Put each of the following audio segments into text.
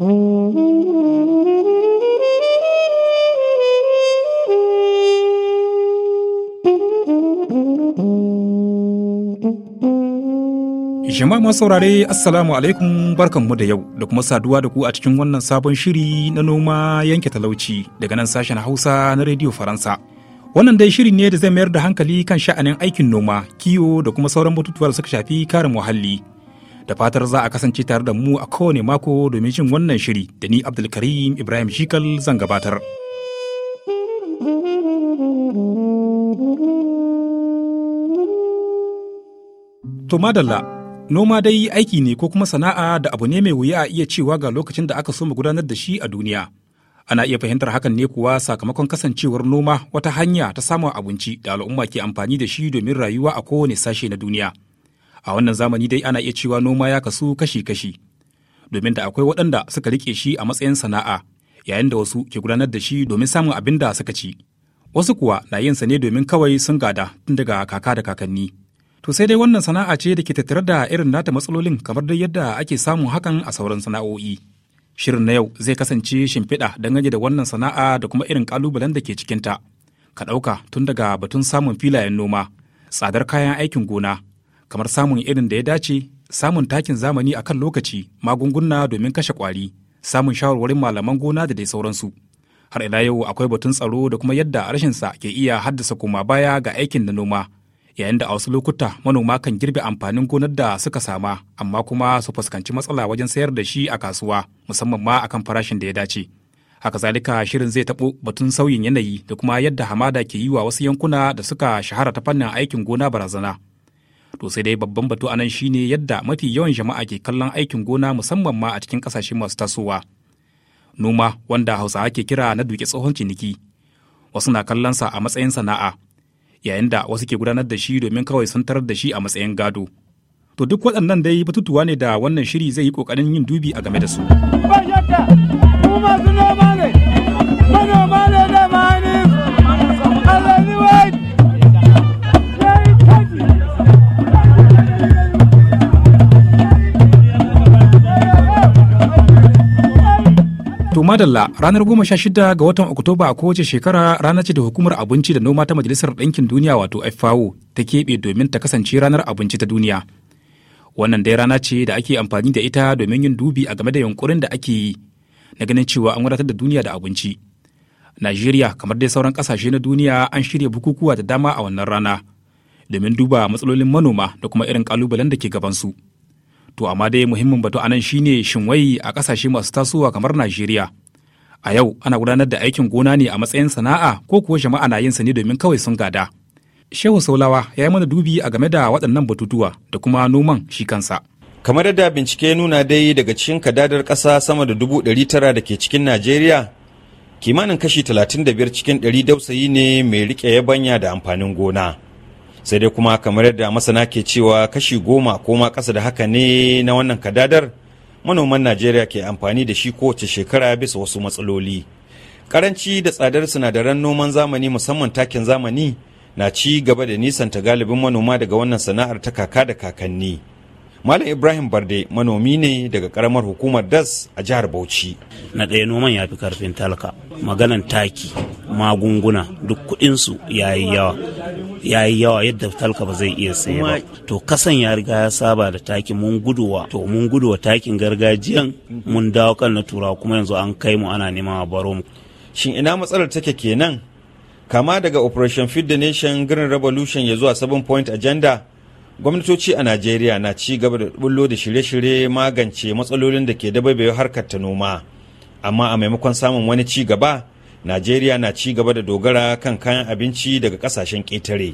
Jama'a masu saurare Assalamu alaikum barkanmu da yau da kuma saduwa da ku a cikin wannan sabon shiri na noma yanke talauci daga nan sashen Hausa na Radio Faransa. Wannan dai shiri ne da zai mayar da hankali kan sha'anin aikin noma, kiwo da kuma sauran batutuwa da suka shafi kare muhalli da fatar za a kasance tare da mu a kowane mako domin shin wannan shiri da ni abdulkarim ibrahim shikal zan gabatar to madalla noma dai aiki ne ko kuma sana'a da abu ne mai wuya a iya cewa ga lokacin da aka so mu gudanar da shi a duniya ana iya fahimtar hakan ne kuwa sakamakon kasancewar noma wata hanya ta samun abinci da al'umma ke amfani da shi domin rayuwa a kowane sashe na duniya a wannan zamani dai ana iya cewa noma ya kasu kashi-kashi domin da akwai waɗanda suka rike shi a matsayin sana'a yayin da wasu ke gudanar da shi domin samun abin da suka ci wasu kuwa na yin sa ne domin kawai sun gada tun daga kaka da kakanni to sai dai wannan sana'a ce da ke tattare da irin nata matsalolin kamar dai yadda ake samun hakan a sauran sana'o'i shirin na yau zai kasance shimfiɗa dangane da wannan sana'a da kuma irin ƙalubalen da ke cikinta ka ɗauka tun daga batun samun filayen noma tsadar kayan aikin gona kamar samun irin da ya dace samun takin zamani a kan lokaci magunguna domin kashe kwari samun shawarwarin malaman gona da dai sauransu har ila yau akwai batun tsaro da kuma yadda rashinsa ke iya haddasa koma baya ga aikin da noma yayin da a wasu lokuta manoma kan girbe amfanin gonar da suka sama amma kuma su fuskanci matsala wajen sayar da shi a kasuwa musamman ma akan farashin da ya dace haka zalika shirin zai taɓo batun sauyin yanayi da kuma yadda hamada ke yi wa wasu yankuna da suka shahara ta fannin aikin gona barazana To sai dai babban batu a nan shine yadda mafi yawan jama'a ke kallon aikin gona musamman ma a cikin kasashe masu tasowa. Noma wanda Hausawa ke kira na duke tsohon ciniki. Wasu na kallon sa a matsayin sana'a, yayin da wasu ke gudanar da shi domin kawai sun tarar da shi a matsayin gado. To duk waɗannan dai batutuwa ne da wannan shiri zai yi ƙoƙarin yin dubi a game da su. noma madalla ranar sha 16 ga watan Oktoba a kowace shekara rana ce da hukumar abinci da noma ta Majalisar Ɗinkin Duniya wato FAO ta keɓe domin ta kasance ranar abinci ta duniya. Wannan dai rana ce da ake amfani da ita domin yin dubi a game da yunkurin da ake yi na ganin cewa an wadatar da duniya da abinci. Najeriya kamar dai sauran ƙasashe na duniya an shirya bukukuwa da dama a wannan rana domin duba matsalolin manoma da kuma irin kalubalen da ke gabansu. su. To amma dai muhimmin batu anan shine shinwayi a kasashe masu tasowa kamar Najeriya. A yau ana gudanar da aikin gona ne a matsayin sana'a ko kuwa jama'a na yin sa ne domin kawai sun gada. Shehu Saulawa ya yi mana dubi a game da waɗannan batutuwa da kuma noman shi kansa. Kamar yadda bincike nuna dai daga cikin kadadar ƙasa sama da dubu ɗari tara da ke cikin Najeriya, kimanin kashi talatin da biyar cikin ɗari dausayi ne mai rike yabanya da amfanin gona. sai dai kuma kamar yadda masana ke cewa kashi goma ko ma ƙasa da haka ne na wannan kadadar manoman najeriya ke amfani da shi kowace shekara bisa wasu matsaloli karanci da tsadar sinadaran noman zamani musamman takin zamani na ci gaba da nisanta galibin manoma daga wannan sana'ar ta kaka da kakanni Malam Ibrahim Barde manomi ne daga karamar hukumar DAS a jihar Bauchi. Na ɗaya noman ya fi karfin talaka, maganan taki, magunguna duk kuɗinsu ya yi yawa. ya yi yawa yadda talka ba zai iya saye ba to kasan ya riga ya saba da takin mun guduwa to mun guduwa takin gargajiyan mun dawo kan na turawa kuma yanzu an kai mu ana neman a baro mu shin ina matsalar take kenan kama daga operation feed the nation green revolution ya zuwa seven point agenda gwamnatoci a najeriya na ci gaba da bullo da shirye-shirye magance matsalolin da ke dabaibaye harkar ta noma amma a maimakon samun wani ci gaba najeriya na ci gaba da dogara kan kayan abinci daga kasashen ƙetare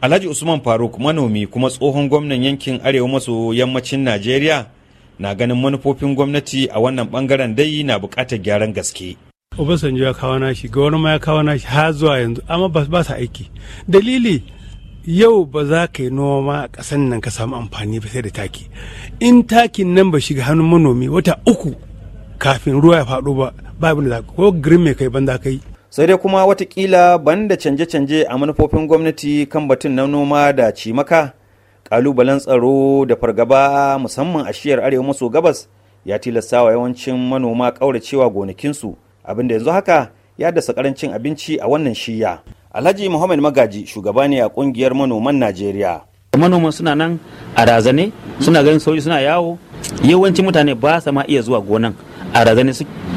alhaji usman faruk manomi kuma tsohon gwamnan yankin arewa maso yammacin najeriya na ganin manufofin gwamnati a wannan bangaren dai na bukatar gyaran gaske obasanjo ya kawo nashi gwamnati ma ya kawo nashi har zuwa yanzu amma ba sa aiki dalili yau ba za ka yi noma a ƙasan nan ka samu amfani ba sai da taki in takin nan ba shiga hannun manomi wata uku kafin ruwa ya faɗo ba ba abin da ko green mai kai banda kai sai dai kuma watakila ban da canje-canje a manufofin gwamnati kan batun na noma da cimaka kalubalen tsaro da fargaba musamman a shiyar arewa maso gabas ya tilasta wa yawancin manoma ƙauracewa gonakinsu abinda yanzu haka ya dasa karancin abinci a wannan shiya alhaji muhammad magaji shugaba ne a kungiyar manoman najeriya manoman suna nan a razane suna ganin sauri suna yawo yawancin mutane ba sa ma iya zuwa gonan a razane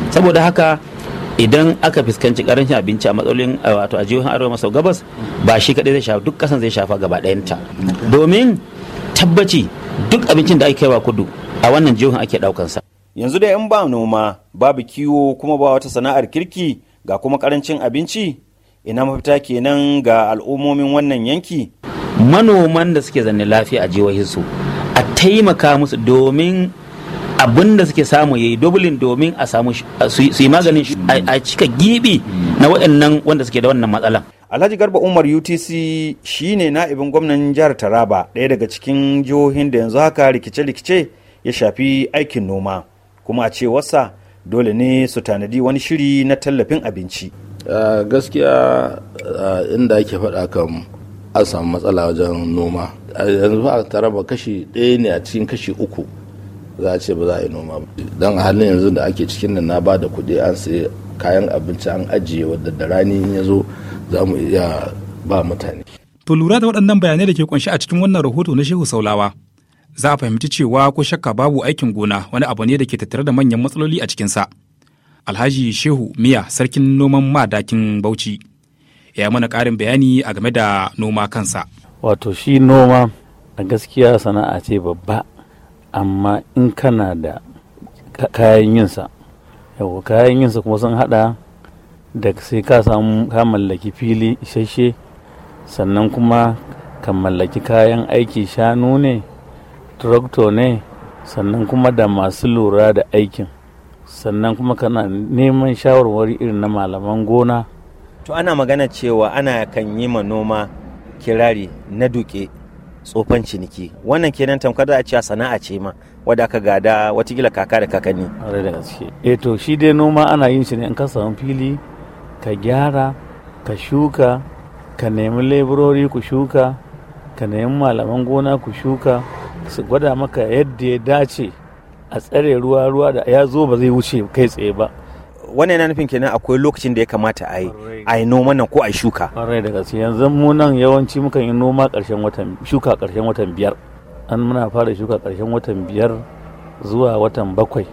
saboda haka idan aka fuskanci karancin abinci a matsalolin wato a jihohin arewa maso gabas ba shi kadai zai shafa duk kasan zai shafa gaba ɗayanta domin tabbaci duk abincin da ake kaiwa kudu a wannan jihohin ake ɗaukansa yanzu da in ba noma babu kiwo kuma ba wata sana'ar kirki ga kuma karancin abinci ina mafita kenan ga al'ummomin wannan yanki manoman da suke zanne lafiya a su a taimaka musu domin abin da suke samu ya yi dublin domin a samu su yi maganin a cika gibi na waɗannan wanda suke da wannan matsalan Alhaji Garba Umar UTC shine na'ibin gwamnan jihar Taraba ɗaya daga cikin jihohin da yanzu haka rikice-rikice ya shafi aikin noma kuma a cewarsa dole ne su tanadi wani shiri na tallafin abinci. gaskiya inda ake faɗa kan an samu matsala wajen noma yanzu a taraba kashi ɗaya ne a cikin kashi uku za a ce ba za a yi noma ba don a halin yanzu da ake cikin nan na ba da kuɗi an sayi kayan abinci an ajiye wadda da rani ya zo za mu iya ba mutane. to lura da waɗannan bayanai da ke kunshi a cikin wannan rahoto na shehu saulawa za a fahimci cewa ko shakka babu aikin gona wani abu ne da ke tattare da manyan matsaloli a cikinsa alhaji shehu miya sarkin noman madakin bauchi ya mana ƙarin bayani a game da noma kansa wato shi noma a gaskiya sana'a ce babba amma in kana da kayan yinsa yau kayan yinsa kuma sun hada da sai ka samu ka mallaki fili isasshe sannan kuma ka mallaki kayan aiki shanu ne tractor ne sannan kuma da masu lura da aikin sannan kuma kana neman shawarwari irin na malaman gona to ana magana cewa ana kan yi ma noma kirari na duke tsofan ciniki wannan kenan tamkar da a ce sana'a ce ma wadda aka gada watakila kaka da kakanni da gaske e to shi dai noma ana yin shi ne in ka samu fili ka gyara ka shuka ka nemi leburori ku shuka ka nemi malaman gona ku shuka su gwada maka yadda ya dace a tsare ruwa ruwa da ya zo ba zai wuce kai tsaye ba wannan yana nufin kenan akwai lokacin da ya kamata a yi a yi noman nan ko a yi shuka ƙwarai da gaske yanzu mu nan yawanci mukan yi noma ƙarshen watan shuka ƙarshen watan biyar an muna fara shuka ƙarshen watan biyar zuwa watan bakwai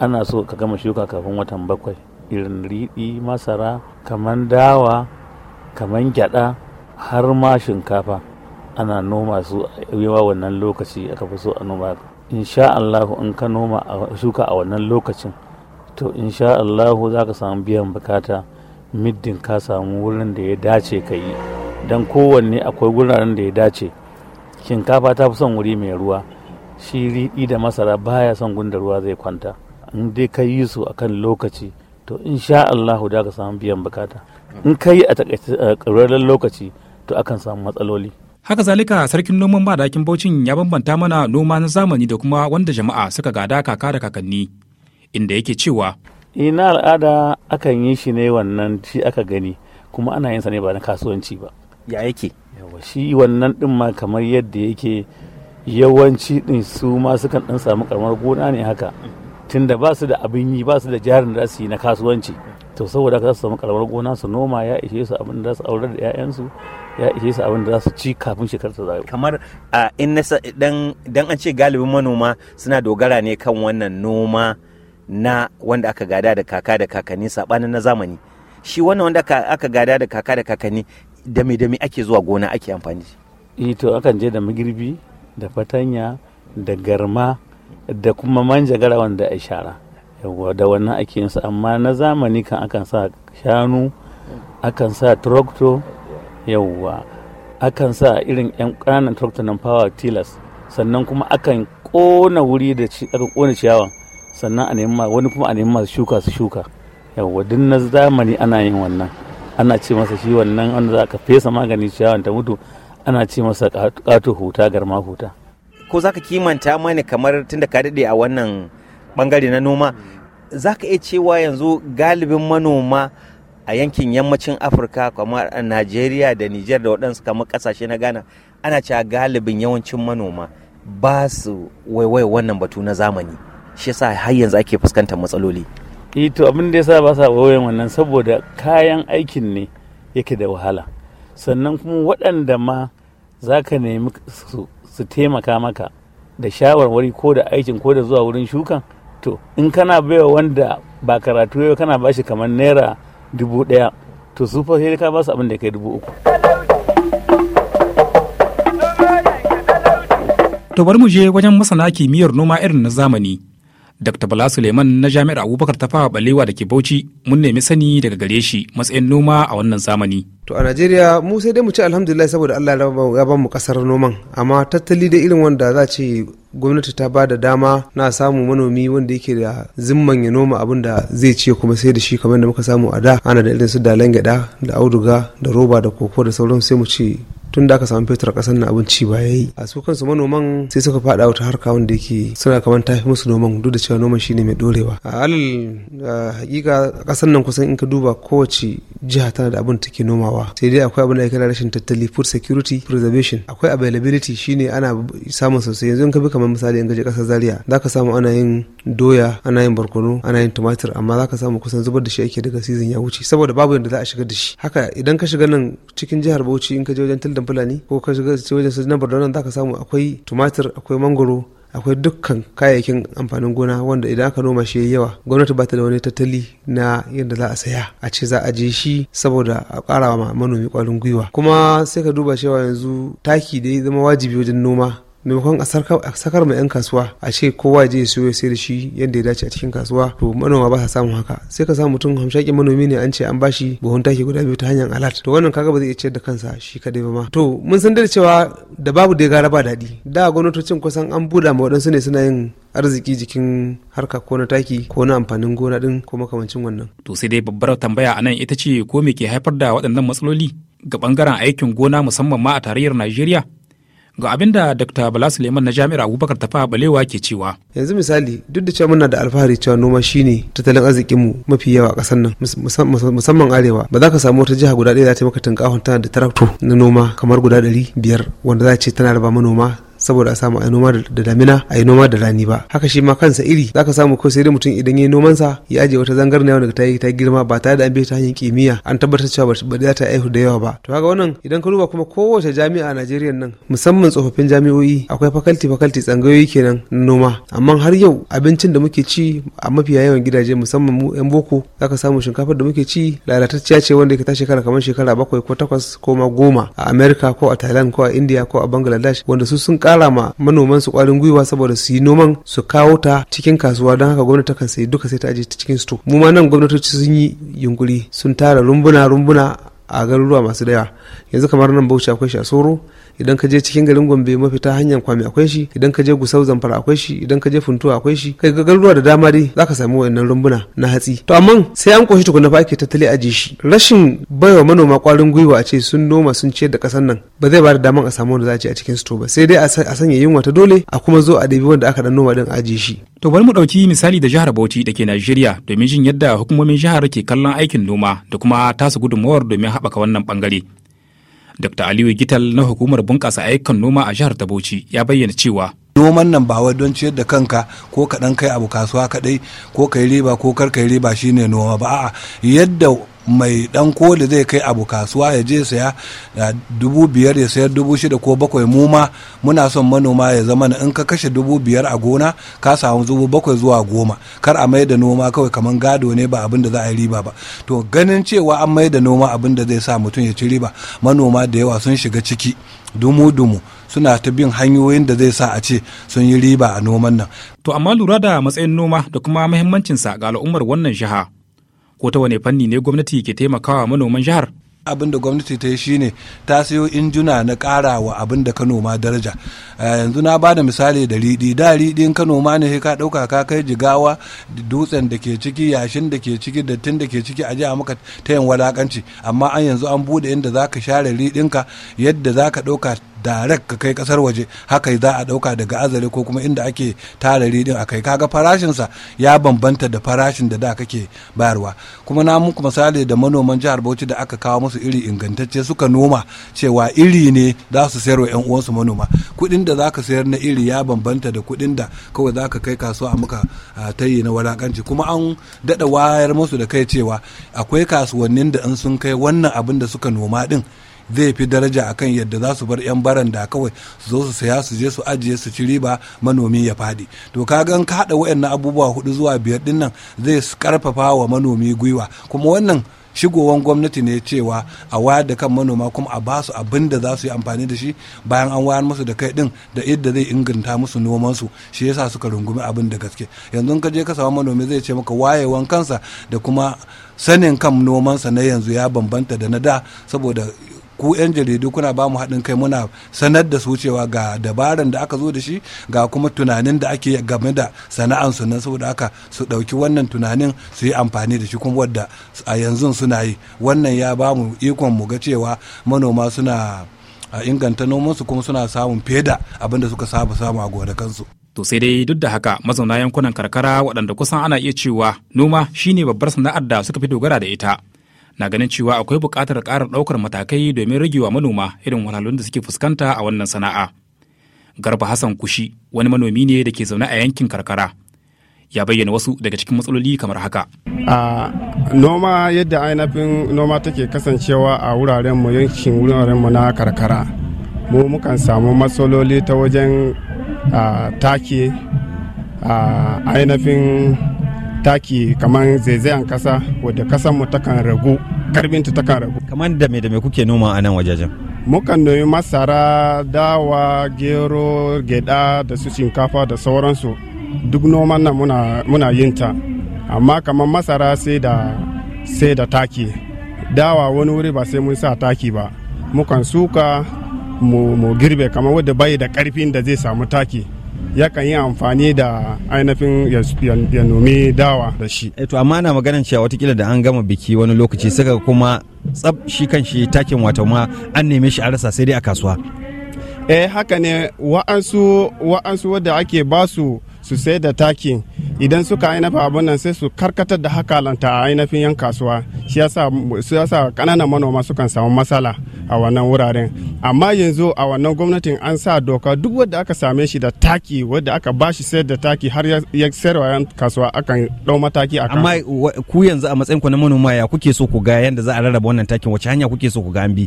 ana so ka gama shuka kafin watan bakwai irin riɗi masara kaman dawa kaman gyaɗa har ma shinkafa ana noma su yawa wannan lokaci aka fi so a noma insha Allah in ka noma shuka a wannan lokacin to insha Allahu za ka samu biyan bukata middin ka samu wurin da ya dace ka yi don kowanne akwai wuraren da ya dace shinkafa ta fi son wuri mai ruwa shi riɗi da masara baya son gunda ruwa zai kwanta in dai ka yi su akan lokaci to insha Allahu za ka samu biyan bukata in ka yi a taƙaitaccen lokaci to akan samu matsaloli haka zalika sarkin noman ba da ya bambanta mana noma na zamani da kuma wanda jama'a suka gada kaka da kakanni inda yake cewa ina eh, al'ada akan yi shi ne wannan shi aka gani kuma ana yin sa ne ba na kasuwanci ba ya yake yawa shi wannan din ma kamar yadda yake yawanci din su ma sukan dan samu karamar gona ne haka tunda ba su da abin yi ba su da jarin da su yi na kasuwanci to saboda haka za samu karamar gona su noma ya ishe su abin da za su aurar da 'ya'yansu ya ishe su abin da za su ci kafin shekarar ta zayo kamar in dan an ce galibin manoma suna dogara ne kan wannan noma na wanda aka gada da kaka da kakanni sabanin na zamani shi wannan wanda aka gada da kaka da kakanni da me da me ake zuwa gona ake amfani shi e, to akan je da magirbi da fatanya da garma da kuma manjagara wanda a shara yawa da wannan ake yin amma na zamani kan akan sa shanu akan sa tractor yawa akan sa irin yan ƙananan tractor nan power tillers sannan kuma akan kona wuri da aka kona ciyawan sannan a nemi wani kuma a nemi masu shuka su shuka yawwa duk na zamani ana yin wannan ana ce masa shi wannan wanda za ka fesa magani ciyawan ta mutu ana ce masa kato huta garma huta ko za ka kimanta mani kamar tunda ka daɗe a wannan bangare na noma za ka iya cewa yanzu galibin manoma a yankin yammacin afirka kamar a najeriya da niger da waɗansu kamar ƙasashe na ghana ana cewa galibin yawancin manoma ba su waiwai wannan batu na zamani shi yasa har yanzu ake fuskantar matsaloli eh to abin da yasa ba sa wayoyin wannan saboda kayan aikin ne yake da wahala sannan kuma waɗanda ma za ka nemi su taimaka maka da shawarwari ko da aikin ko da zuwa wurin shukan to in kana baiwa wanda ba karatu yau kana bashi kamar naira dubu ɗaya to su fa sai ka ba su abin da kai dubu uku to bari mu je wajen masana kimiyyar noma irin na zamani Dr. Bala Suleiman na Jami'ar Abubakar ta fara balewa da ke Bauchi mun nemi sani daga gare shi matsayin noma a wannan zamani. To a Najeriya mu sai dai mu ci alhamdulillah saboda Allah ya ba mu kasar noman amma tattali da irin wanda za ce gwamnati ta ba da dama na samu manomi wanda yake da zimman ya noma abin da zai ce kuma sai da shi kamar da muka samu a da ana da irin su dalan gyada da auduga da roba da koko da sauran sai mu ce tun da aka samu fetur a ƙasar na abinci ba yayi a su kansu manoman sai suka faɗa wata harka wanda yake suna kamar tafi musu noman duk da cewa noman shine mai dorewa a alal hakika ƙasar nan kusan in ka duba kowace jiha tana da abin take nomawa sai dai akwai abin da ake rashin tattali food security preservation akwai availability shine ana samun sosai yanzu in ka bi kamar misali in gaje ƙasar zaria zaka samu ana yin doya ana yin barkono ana yin tumatir amma zaka samu kusan zubar da shi ake daga season ya wuce saboda babu yadda za a shiga da shi haka idan ka shiga nan cikin jihar bauchi in ka je wajen tilda dan fulani ko ka shiga wajen su na borno za ka samu akwai tumatir akwai mangoro akwai dukkan kayayyakin amfanin gona wanda idan aka noma shi yawa gwamnati ba ta da wani tattali na yadda za a saya a ce za a je shi saboda a ƙara wa manomi ƙwarin gwiwa kuma sai ka duba cewa yanzu taki da ya zama wajibi wajen noma maimakon a sakar ma 'yan kasuwa a ce kowa je ya siyo sai da shi yadda ya dace a cikin kasuwa to manoma ba sa samun haka sai ka samu mutum hamshakin manomi ne an ce an bashi buhun taki guda biyu ta hanyar alat to wannan kaga ba zai iya ciyar da kansa shi kadai ba ma to mun san da cewa da babu da ya gara ba daɗi da gwamnatocin kusan an buɗa ma waɗansu ne suna yin arziki jikin harka ko na taki ko na amfanin gona din ko makamancin wannan to sai dai babbar tambaya a nan ita ce ko me ke haifar da waɗannan matsaloli ga bangaren aikin gona musamman ma a tarayyar najeriya ga abin da dr bala suleiman na jami'ar abubakar tafa balewa ke cewa yanzu misali duk da cewa muna da alfahari cewa noma shine tattalin arzikinmu mafi yawa a kasar nan musamman arewa ba za ka samu wata jiha guda ɗaya za ta maka tunkahon tana da tarakto na noma kamar guda ɗari biyar wanda za a ce tana raba manoma saboda a samu a noma da damina a yi noma da rani ba haka shi ma kansa iri zaka samu ko sai dai mutum idan ya yi noman sa ya ajiye wata zangarniya wanda ta yi ta girma ba tare da an bi ta hanyar kimiyya an tabbatar cewa ba za ta aihu da yawa ba to kaga wannan idan ka duba kuma kowace jami'a a Najeriya nan musamman tsofaffin jami'o'i akwai fakalti fakalti tsangayoyi kenan na noma amma har yau abincin da muke ci a mafiya yawan gidaje musamman mu yan boko zaka samu shinkafar da muke ci lalatacciya ce wanda ke ta shekara kamar shekara bakwai ko takwas ko ma goma a America ko a Thailand ko a India ko a Bangladesh wanda su sun ƙara ma manoman su ƙwarin gwiwa saboda su yi noman su kawo ta cikin kasuwa don haka gwamnati kan sayi duka sai ta aje cikin sto mu ma nan gwamnatoci sun yi yunkuri sun tara rumbuna rumbuna a garuruwa masu daya yanzu kamar nan bauchi akwai shi a soro idan ka je cikin garin gombe ta hanyar kwami akwai shi idan ka je gusau zamfara akwai shi idan ka je funtuwa akwai shi kai ga garuruwa da dama dai ka samu wayannan rumbuna na hatsi to amma sai an koshi tukuna fa ake tattali aji shi rashin baiwa manoma kwarin gwiwa a ce sun noma sun ciyar da kasar nan ba zai ba da daman a samu wanda za a a cikin su ba sai dai a sanya yunwa ta dole a kuma zo a ɗabi wanda aka dan noma din aji shi to bari mu ɗauki misali da jihar Bauchi da ke Najeriya domin jin yadda hukumomin jihar ke kallon aikin noma da kuma tasu gudunmawar domin haɓaka wannan bangare Dr. Aliyu Gital na hukumar bunƙasa ayyukan noma a jihar ta Bauchi ya bayyana cewa noman nan ba wai don ciyar da kanka ko kaɗan kai abu kasuwa kaɗai, ko kai riba ko kar kai riba shine noma ba a'a yadda mai dan koli zai kai abu kasuwa ya je saya dubu biyar ya sayar dubu shida ko bakwai mu ma muna son manoma ya zama in ka kashe dubu biyar a gona ka samu dubu bakwai zuwa goma kar a mai da noma kawai kamar gado ne ba abin da za a yi riba ba to ganin cewa an mai da noma abin da zai sa mutum ya ci riba manoma da yawa sun shiga ciki dumu-dumu suna ta bin hanyoyin da zai sa a ce sun yi riba a noman nan. To amma lura da matsayin noma da kuma muhimmancinsa ga al'ummar wannan jiha ko ta wane fanni ne gwamnati ke taimakawa manoman jihar abin da gwamnati ta yi shine ta sayo injuna na ƙara wa abin da ka noma daraja yanzu na ba da misali da riɗi da riɗi ka noma ne ka ɗauka ka kai jigawa dutsen da ke ciki yashin da ke ciki dattin da ke ciki a a maka ta yin walakanci amma an yanzu an buɗe inda za ka share riɗinka yadda za ka ɗauka direct ka kai kasar waje haka za a dauka daga azare ko kuma inda ake tara ridin a kai kaga farashinsa ya bambanta da farashin da da kake bayarwa kuma na muku misali da manoman jihar Bauchi da aka kawo musu iri ingantacce suka noma cewa iri ne za su sayar wa yan uwansu manoma kuɗin da zaka sayar na iri ya bambanta da kuɗin da kawai zaka kai kasuwa a muka tayi na walakanci kuma an daɗa wayar musu da kai cewa akwai kasuwannin da in sun kai wannan abin da suka noma din zai fi daraja akan yadda za su bar 'yan baranda kawai su zo su saya su je su ajiye su ci riba manomi ya faɗi to ka ga ka haɗa wayannan abubuwa hudu zuwa biyar ɗin nan zai karfafa wa manomi gwiwa kuma wannan shigowan gwamnati ne cewa a wayar da kan manoma kuma a ba su abin da za su yi amfani da shi bayan an wayar musu da kai din da idda zai inganta musu nomansu shi yasa suka rungumi abin da gaske yanzu ka je ka samu manomi zai ce maka wayewan kansa da kuma sanin kan nomansa na yanzu ya bambanta da na da saboda ku 'yan jaridu kuna ba mu haɗin kai muna sanar da su cewa ga dabaran da aka zo da shi ga kuma tunanin da ake game da sana'an su nan saboda haka su ɗauki wannan tunanin su yi amfani da shi kuma wadda a yanzu suna yi wannan ya ba mu ikon mu ga cewa manoma suna a inganta nomansu kuma suna samun feda da abin suka saba samu a gonakansu. To sai dai duk da haka mazauna yankunan karkara waɗanda kusan ana iya cewa noma shine babbar sana'ar da suka fi dogara da ita. na ganin cewa akwai buƙatar ƙara ɗaukar matakai domin ragewa manoma irin wahalhalun da suke fuskanta a wannan sana'a. Garba Hassan Kushi wani manomi ne da ke zaune a yankin karkara. Ya bayyana wasu daga cikin matsaloli kamar haka. A noma yadda ainihin noma take kasancewa a wuraren mu yankin wuraren mu na karkara. Mu mukan samu matsaloli ta wajen take a ainihin taki kamar zaizayen kasa wadda kasan mu takan ragu ta takan ragu kamar da me da me kuke noma a nan wajajen mukan noyi masara dawa gero geda da su shinkafa da sauransu duk noman nan muna, muna yin ta amma kamar masara sai da sai da taki dawa wani wuri ba sai mun sa taki ba mukan suka mu, mu girbe kamar wadda bai da karfin da zai samu taki yakan yi amfani da ainihin ya nomi dawa da shi. Eh, to amma na maganan cewa watakila da an gama biki wani lokaci suka kuma tsab shi kan shi takin wata ma an neme shi a rasa sai dai a kasuwa. eh haka ne wa'ansu wa'ansu wadda ake basu su sai da taki idan suka ainihin abun nan sai su karkatar da hakalanta a ainihin yan kasuwa shi yasa kananan manoma sukan samu matsala a wannan wuraren amma yanzu a wannan gwamnatin an sa doka duk wadda aka same shi da taki wadda aka ba shi sayar da taki har ya sayarwa yan kasuwa akan dau mataki a amma ku yanzu a matsayin ku na manoma ya kuke so ku ga yanda za a rarraba wannan takin wace hanya kuke so ku ga an bi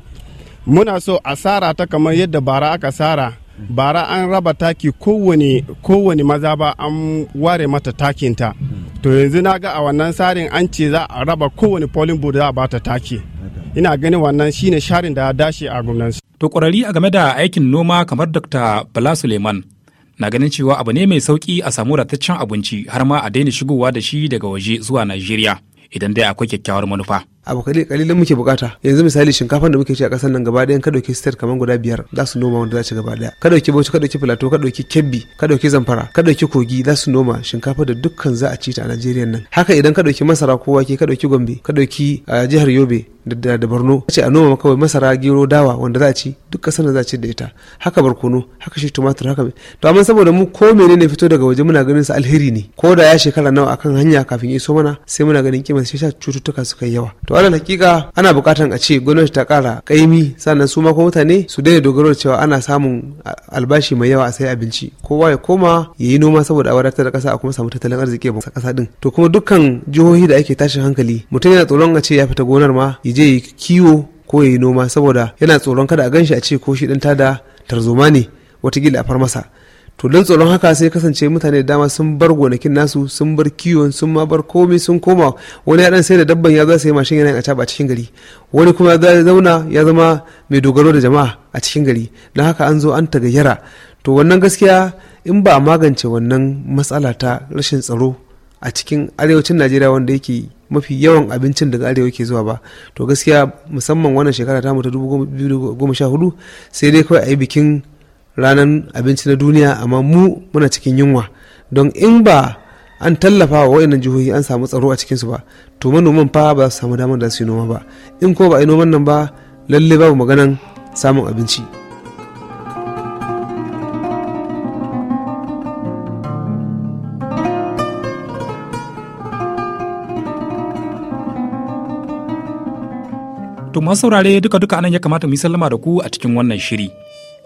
muna so asara ta kamar yadda bara aka sara bara an raba taki kowane kowane maza ba an ware mata takinta to yanzu na ga a wannan tsarin an ce za a raba kowane polling booth za a bata taki ina ganin wannan shine sharin da ya dashe a gwamnati to kwararri a game da aikin noma kamar dr bala suleiman na ganin cewa abu ne mai sauki a samu rataccen abinci har ma a daina shigowa da shi daga waje zuwa nigeria idan dai akwai kyakkyawar manufa abu kalilan muke bukata yanzu misali shinkafa da muke ci a kasar nan gaba ɗayan ka dauki state kamar guda biyar za su noma wanda za ci gaba ɗaya ka dauki bauchi ka dauki plateau ka dauki kebbi ka dauki zamfara ka dauki kogi za su noma shinkafa da dukkan za a ci ta a najeriya nan haka idan ka dauki masara ko wake ka dauki gombe ka dauki ah, jihar yobe da da borno ce a noma kawai masara gero dawa wanda za ci duk kasar da za a ci da ita haka barkono haka shi tumatur haka to amma saboda mu ko menene fito daga waje muna ganin sa alheri ne ko da ya shekara nawa akan hanya kafin iso mana sai muna ganin kimar shi cututtuka suka yi yawa to alal hakika ana bukatan a ce gwamnati ta kara kaimi sannan su ma ko mutane su daina dogaro da cewa ana samun albashi mai yawa a sai abinci kowa ya koma ya yi noma saboda a wadatar da kasa a kuma samu tattalin arziki a kasa din to kuma dukkan jihohi da ake tashin hankali mutum yana tsoron a ce ya fita gonar ma ya je kiwo ko ya yi noma saboda yana tsoron kada a ganshi a ce ko shi dan tada tarzoma ne watakila a far masa to don tsoron haka sai kasance mutane da dama sun bar gonakin nasu sun bar kiwon sun ma bar komai sun koma wani ya dan sai da dabban ya za sai mashin yana a a cikin gari wani kuma ya zauna ya zama mai dogaro da jama'a a cikin gari don haka an zo an tagayyara to wannan gaskiya in ba a magance wannan matsala ta rashin tsaro a cikin arewacin najeriya wanda yake mafi yawan abincin daga arewa ke zuwa ba to gaskiya musamman wannan shekara ta mutu 2014 sai dai kawai a yi bikin ranar abinci na duniya amma mu muna cikin yunwa don in ba an tallafa wa waɗannan jihohi an samu tsaro a cikinsu ba to manoman fa ba su samu damar da su yi noma ba in ko ba a yi noman nan ba lalle babu maganan samun abinci. To masu saurare duka-duka anan ya kamata mu yi sallama da ku a cikin wannan shiri.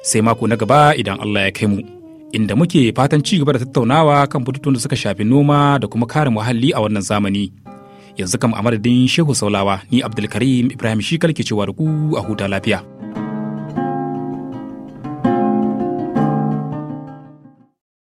sai mako na gaba idan Allah ya kai mu inda muke fatan ci gaba da tattaunawa kan bututun da suka shafi noma da kuma kare muhalli a wannan zamani yanzu kam a madadin shehu saulawa ni abdulkarim ibrahim shikal ke cewa da ku a huta lafiya